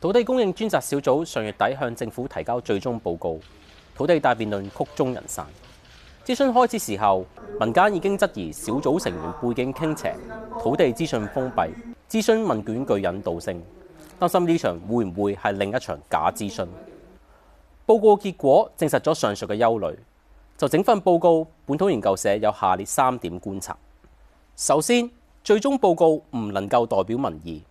土地供應專責小組上月底向政府提交最終報告，土地大辯論曲終人散。諮詢開始時候，民間已經質疑小組成員背景傾斜、土地資訊封閉、諮詢問卷具引導性，擔心呢場會唔會係另一場假諮詢。報告結果證實咗上述嘅憂慮。就整份報告，本土研究社有下列三點觀察：首先，最終報告唔能夠代表民意，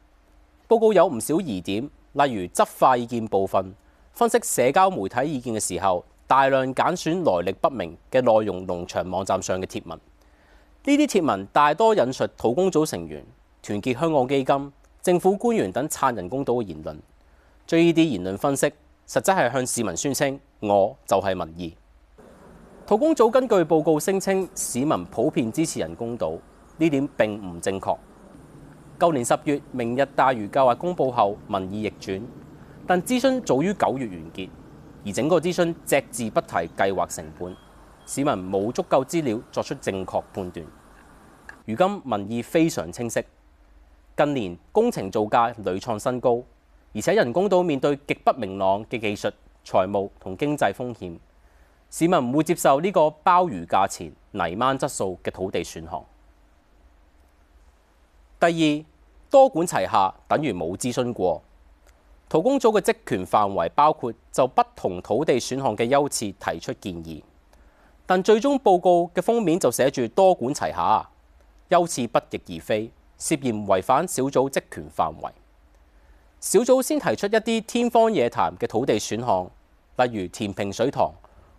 報告有唔少疑點。例如，執法意見部分分析社交媒體意見嘅時候，大量揀選來歷不明嘅內容，農場網站上嘅帖文。呢啲帖文大多引述土供組成員、團結香港基金、政府官員等撐人工島嘅言論。將呢啲言論分析，實質係向市民宣稱我就係民意。土供組根據報告聲稱市民普遍支持人工島，呢點並唔正確。舊年十月，明日大嶼計劃公佈後，民意逆轉，但諮詢早於九月完結，而整個諮詢隻字不提計劃成本，市民冇足夠資料作出正確判斷。如今民意非常清晰，近年工程造價屢創新高，而且人工島面對極不明朗嘅技術、財務同經濟風險，市民唔會接受呢個鮑魚價錢泥鯭質素嘅土地選項。第二，多管齊下，等於冇諮詢過。土供組嘅職權範圍包括就不同土地選項嘅優次提出建議，但最終報告嘅封面就寫住多管齊下，優次不翼而飛，涉嫌違反小組職權範圍。小組先提出一啲天方夜譚嘅土地選項，例如填平水塘、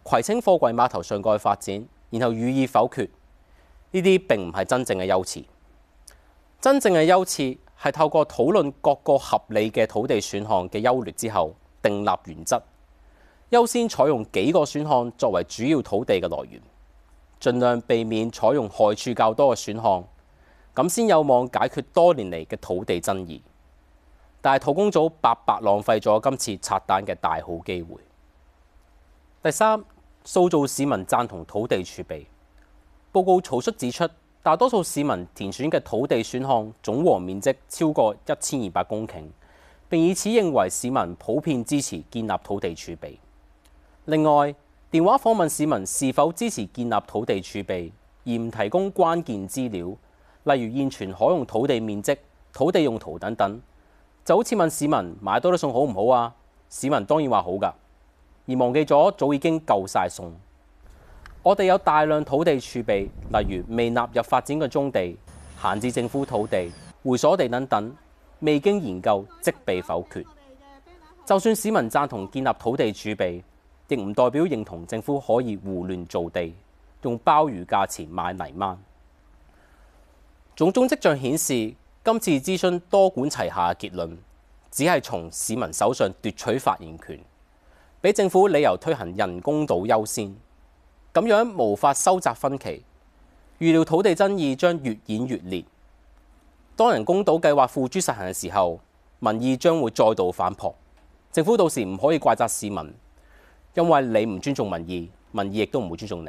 葵青貨櫃碼頭上蓋發展，然後予以否決。呢啲並唔係真正嘅優次。真正嘅優次係透過討論各個合理嘅土地選項嘅優劣之後，訂立原則，優先採用幾個選項作為主要土地嘅來源，盡量避免採用害處較多嘅選項，咁先有望解決多年嚟嘅土地爭議。但係土供組白白浪費咗今次拆彈嘅大好機會。第三，塑造市民贊同土地儲備。報告草率指出，大多數市民填選嘅土地選項總和面積超過一千二百公頃，並以此認為市民普遍支持建立土地儲備。另外，電話訪問市民是否支持建立土地儲備，而唔提供關鍵資料，例如現存可用土地面積、土地用途等等，就好似問市民買多啲餸好唔好啊？市民當然話好㗎，而忘記咗早已經夠晒餸。我哋有大量土地儲備，例如未納入發展嘅棕地、閒置政府土地、會所地等等，未經研究即被否決。就算市民贊同建立土地儲備，亦唔代表認同政府可以胡亂造地，用鮑魚價錢買泥鯭。種種跡象顯示，今次諮詢多管齊下嘅結論，只係從市民手上奪取發言權，俾政府理由推行人工島優先。咁樣無法收窄分歧，預料土地爭議將越演越烈。當人工島計劃付諸實行嘅時候，民意將會再度反撲，政府到時唔可以怪責市民，因為你唔尊重民意，民意亦都唔會尊重你。